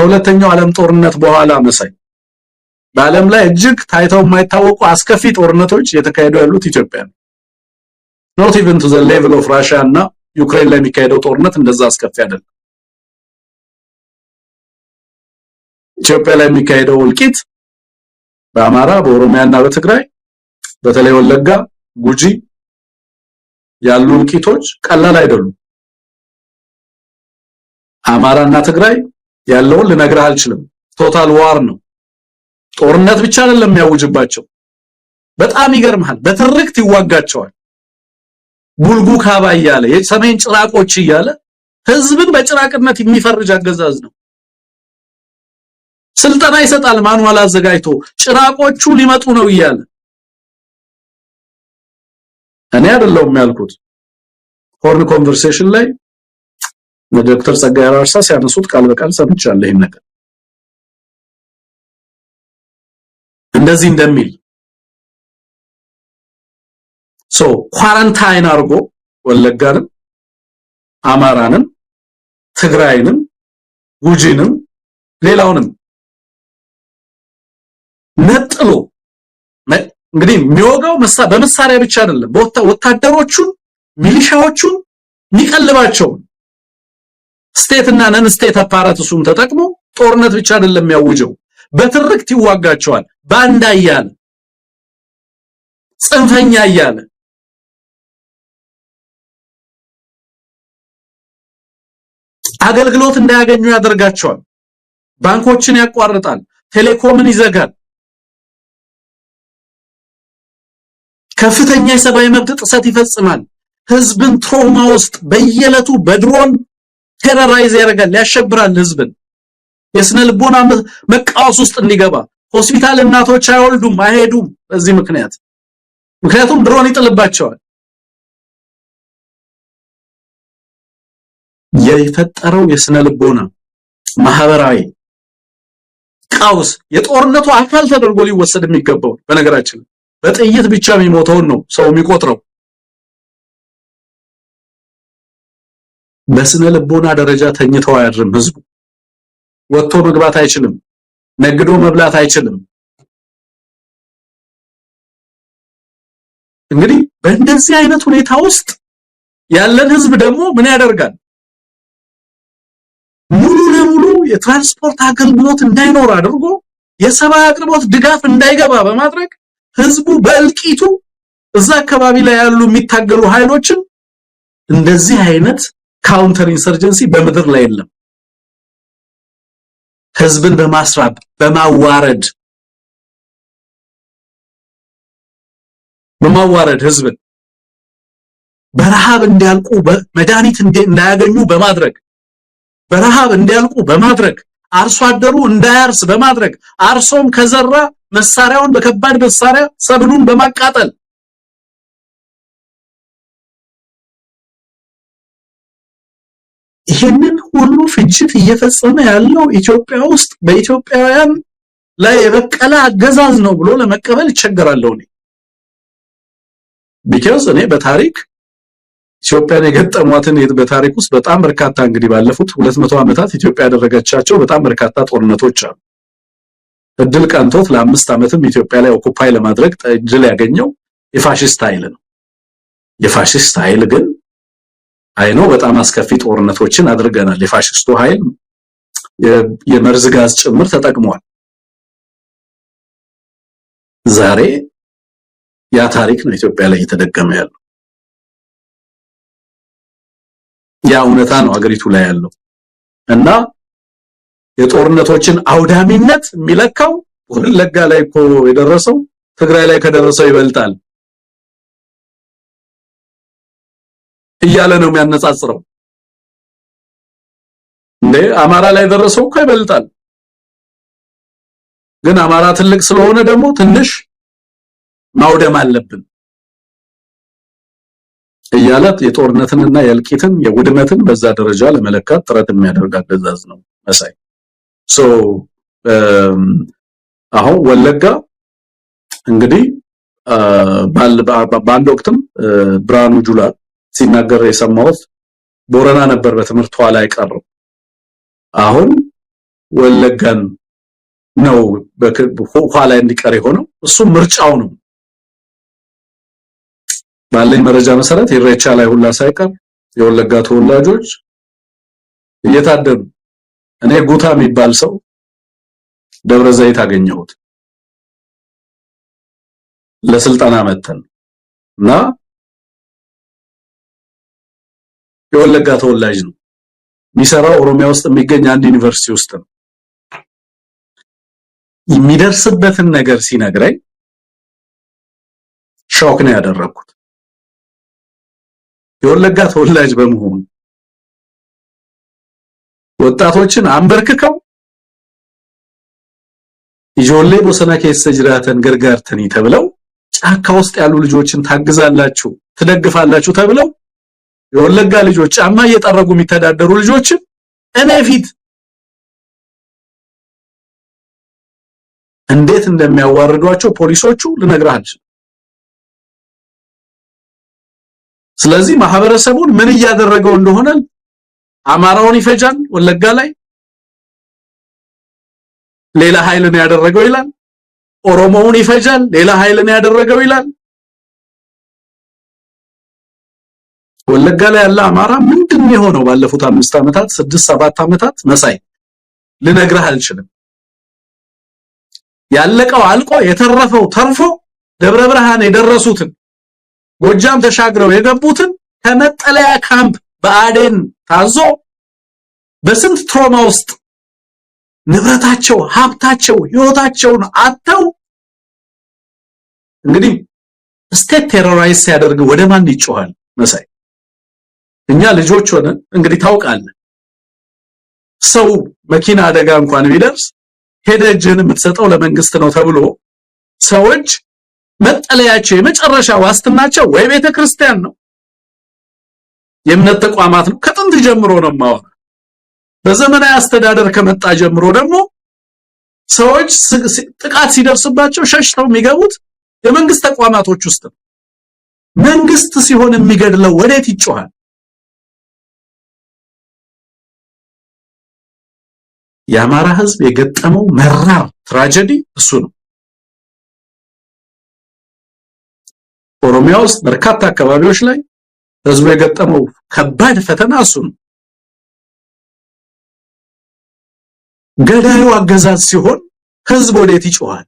ከሁለተኛው ዓለም ጦርነት በኋላ መሳይ በዓለም ላይ እጅግ ታይተው የማይታወቁ አስከፊ ጦርነቶች የተካሄዱ ያሉት ኢትዮጵያ ነው። ኖት ኢቨን ቱ ዘ ሌቭል ኦፍ ራሽያ እና ዩክሬን ላይ የሚካሄደው ጦርነት እንደዛ አስከፊ አይደለም። ኢትዮጵያ ላይ የሚካሄደው እልቂት በአማራ በኦሮሚያ እና በትግራይ በተለይ ወለጋ፣ ጉጂ ያሉ እልቂቶች ቀላል አይደሉም። አማራና ትግራይ ያለውን ልነግርህ አልችልም። ቶታል ዋር ነው። ጦርነት ብቻ አይደለም የሚያውጅባቸው። በጣም ይገርምሃል። በትርክት ይዋጋቸዋል። ቡልጉ ካባ እያለ የሰሜን ጭራቆች እያለ ህዝብን በጭራቅነት የሚፈርጅ አገዛዝ ነው። ስልጠና ይሰጣል፣ ማኑዋል አዘጋጅቶ ጭራቆቹ ሊመጡ ነው እያለ እኔ አይደለሁም ያልኩት ሆርን ኮንቨርሴሽን ላይ ዶክተር ጸጋዬ አራርሳ ሲያነሱት ቃል በቃል ሰምቻለሁ። ይሄን ነገር እንደዚህ እንደሚል ሶ ኳረንታይን አድርጎ ወለጋንም፣ አማራንም፣ ትግራይንም፣ ጉጂንም ሌላውንም ነጥሎ እንግዲህ የሚወጋው በመሳሪያ ብቻ አይደለም፣ ወታደሮቹን ሚሊሻዎቹን የሚቀልባቸውን ስቴት እና ነን ስቴት አፓራትሱን ተጠቅሞ ጦርነት ብቻ አይደለም የሚያውጀው፣ በትርክት ይዋጋቸዋል። ባንዳ እያለ ጽንፈኛ እያለ አገልግሎት እንዳያገኙ ያደርጋቸዋል። ባንኮችን ያቋርጣል፣ ቴሌኮምን ይዘጋል። ከፍተኛ የሰብአዊ መብት ጥሰት ይፈጽማል። ህዝብን ትሮማ ውስጥ በየዕለቱ በድሮን ቴረራይዝ ያደርጋል፣ ያሸብራል ህዝብን። የስነ ልቦና መቃወስ ውስጥ እንዲገባ ሆስፒታል እናቶች አይወልዱም፣ አይሄዱም በዚህ ምክንያት። ምክንያቱም ድሮን ይጥልባቸዋል። የፈጠረው የስነ ልቦና ማህበራዊ ቀውስ የጦርነቱ አካል ተደርጎ ሊወሰድ የሚገባው በነገራችን በጥይት ብቻ የሚሞተውን ነው ሰው የሚቆጥረው። በስነ ልቦና ደረጃ ተኝተው አያድርም። ህዝቡ ወጥቶ መግባት አይችልም፣ ነግዶ መብላት አይችልም። እንግዲህ በእንደዚህ አይነት ሁኔታ ውስጥ ያለን ህዝብ ደግሞ ምን ያደርጋል? ሙሉ ለሙሉ የትራንስፖርት አገልግሎት እንዳይኖር አድርጎ የሰብአዊ አቅርቦት ድጋፍ እንዳይገባ በማድረግ ህዝቡ በእልቂቱ እዛ አካባቢ ላይ ያሉ የሚታገሉ ኃይሎችን እንደዚህ አይነት ካውንተር ኢንሰርጀንሲ በምድር ላይ የለም። ህዝብን በማስራብ በማዋረድ በማዋረድ ህዝብን በረሃብ እንዲያልቁ መድኃኒት እንዳያገኙ በማድረግ በረሃብ እንዲያልቁ በማድረግ አርሶ አደሩ እንዳያርስ በማድረግ አርሶም ከዘራ መሳሪያውን በከባድ መሳሪያ ሰብሉን በማቃጠል ይህንን ሁሉ ፍጅት እየፈጸመ ያለው ኢትዮጵያ ውስጥ በኢትዮጵያውያን ላይ የበቀለ አገዛዝ ነው ብሎ ለመቀበል ይቸገራለሁ። እኔ ቢካዝ እኔ በታሪክ ኢትዮጵያን የገጠሟትን በታሪክ ውስጥ በጣም በርካታ እንግዲህ ባለፉት ሁለት መቶ ዓመታት ኢትዮጵያ ያደረገቻቸው በጣም በርካታ ጦርነቶች አሉ። እድል ቀንቶት ለአምስት ዓመትም ኢትዮጵያ ላይ ኦኩፓይ ለማድረግ እድል ያገኘው የፋሽስት ኃይል ነው። የፋሽስት ኃይል ግን ነው በጣም አስከፊ ጦርነቶችን አድርገናል። የፋሽስቱ ኃይል የመርዝ ጋዝ ጭምር ተጠቅሟል። ዛሬ ያ ታሪክ ነው ኢትዮጵያ ላይ እየተደገመ ያለው። ያ እውነታ ነው አገሪቱ ላይ ያለው እና የጦርነቶችን አውዳሚነት የሚለካው ወለጋ ላይ እኮ የደረሰው ትግራይ ላይ ከደረሰው ይበልጣል። እያለ ነው የሚያነጻጽረው። እንዴ አማራ ላይ ደረሰው እኮ ይበልጣል። ግን አማራ ትልቅ ስለሆነ ደግሞ ትንሽ ማውደም አለብን እያለ የጦርነትንና የእልቂትን የውድመትን በዛ ደረጃ ለመለካት ጥረት የሚያደርግ አገዛዝ ነው መሳይ። ሶ አሁን ወለጋ እንግዲህ በአንድ ወቅትም ብርሃኑ ጁላ ሲናገር የሰማሁት ቦረና ነበር። በትምህርቷ ላይ ቀረው። አሁን ወለጋን ነው በኋላ እንዲቀር የሆነው እሱ ምርጫው ነው። ባለኝ መረጃ መሰረት ኢሬቻ ላይ ሁላ ሳይቀር የወለጋ ተወላጆች እየታደሩ እኔ ጉታ የሚባል ሰው ደብረ ዘይት አገኘሁት ለስልጠና መተን እና የወለጋ ተወላጅ ነው። የሚሰራው ኦሮሚያ ውስጥ የሚገኝ አንድ ዩኒቨርሲቲ ውስጥ ነው። የሚደርስበትን ነገር ሲነግረኝ ሾክ ነው ያደረኩት። የወለጋ ተወላጅ በመሆኑ ወጣቶችን አንበርክከው ኢጆሌ ቦሰና ኬስ ጅራተን ገርጋርተኒ ተብለው ጫካ ውስጥ ያሉ ልጆችን ታግዛላችሁ፣ ትደግፋላችሁ ተብለው የወለጋ ልጆች ጫማ እየጠረጉ የሚተዳደሩ ልጆች እኔ ፊት እንዴት እንደሚያዋርዷቸው ፖሊሶቹ ልነግርህ ስለዚህ ማህበረሰቡን ምን እያደረገው እንደሆነ አማራውን ይፈጃል፣ ወለጋ ላይ ሌላ ኃይልን ያደረገው ይላል፣ ኦሮሞውን ይፈጃል፣ ሌላ ኃይልን ያደረገው ይላል። ወለጋ ላይ ያለ አማራ ምንድን የሆነው ባለፉት አምስት ዓመታት ስድስት ሰባት ዓመታት መሳይ ልነግርህ አልችልም። ያለቀው አልቆ የተረፈው ተርፎ ደብረ ብርሃን የደረሱትን ጎጃም ተሻግረው የገቡትን ከመጠለያ ካምፕ በአዴን ታዞ በስንት ትሮማ ውስጥ ንብረታቸው፣ ሀብታቸው፣ ህይወታቸውን አጥተው እንግዲህ ስቴት ቴሮራይዝ ሲያደርግ ወደ ማን ይጮሃል መሳይ? እኛ ልጆች ሆነን እንግዲህ ታውቃለህ፣ ሰው መኪና አደጋ እንኳን ቢደርስ ሄደህ እጅህን የምትሰጠው ለመንግስት ነው ተብሎ ሰዎች መጠለያቸው የመጨረሻ ዋስትናቸው ወይ ቤተክርስቲያን ነው፣ የእምነት ተቋማት ነው። ከጥንት ጀምሮ ነው ማወራ። በዘመናዊ አስተዳደር ከመጣ ጀምሮ ደግሞ ሰዎች ጥቃት ሲደርስባቸው ሸሽተው የሚገቡት የመንግስት ተቋማቶች ውስጥ ነው። መንግስት ሲሆን የሚገድለው ወዴት ይጮሃል? የአማራ ህዝብ የገጠመው መራር ትራጀዲ እሱ ነው። ኦሮሚያ ውስጥ በርካታ አካባቢዎች ላይ ህዝቡ የገጠመው ከባድ ፈተና እሱ ነው። ገዳዩ አገዛዝ ሲሆን ህዝብ ወዴት ይጮሃል?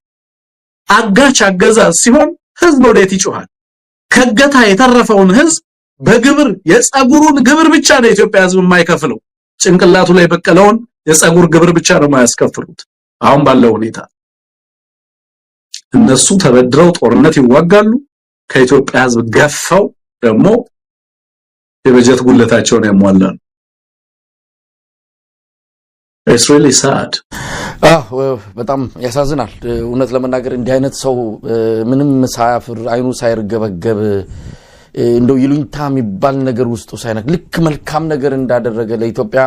አጋች አገዛዝ ሲሆን ህዝብ ወዴት ይጮሃል? ከገታ የተረፈውን ህዝብ በግብር የጸጉሩን ግብር ብቻ ነው የኢትዮጵያ ህዝብ የማይከፍለው ጭንቅላቱ ላይ በቀለውን የፀጉር ግብር ብቻ ነው የማያስከፍሉት። አሁን ባለው ሁኔታ እነሱ ተበድረው ጦርነት ይዋጋሉ። ከኢትዮጵያ ህዝብ ገፈው ደግሞ የበጀት ጉለታቸውን ያሟላሉ። ሳድ በጣም ያሳዝናል። እውነት ለመናገር እንዲህ አይነት ሰው ምንም ሳያፍር አይኑ ሳይርገበገብ እንደው ይሉኝታ የሚባል ነገር ውስጡ ሳይነክ ልክ መልካም ነገር እንዳደረገ ለኢትዮጵያ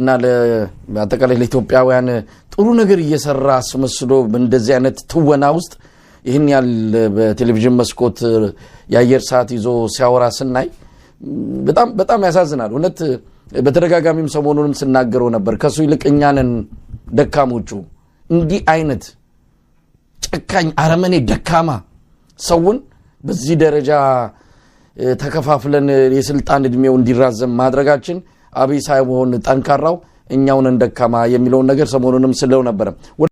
እና አጠቃላይ ለኢትዮጵያውያን ጥሩ ነገር እየሰራ አስመስሎ እንደዚህ አይነት ትወና ውስጥ ይህን ያህል በቴሌቪዥን መስኮት የአየር ሰዓት ይዞ ሲያወራ ስናይ በጣም ያሳዝናል። እውነት በተደጋጋሚም ሰሞኑንም ስናገረው ነበር። ከሱ ይልቅ እኛንን ደካሞቹ እንዲህ አይነት ጨካኝ አረመኔ ደካማ ሰውን በዚህ ደረጃ ተከፋፍለን የስልጣን እድሜው እንዲራዘም ማድረጋችን አብይ ሳይሆን ጠንካራው እኛውን እንደካማ የሚለውን ነገር ሰሞኑንም ስለው ነበረ።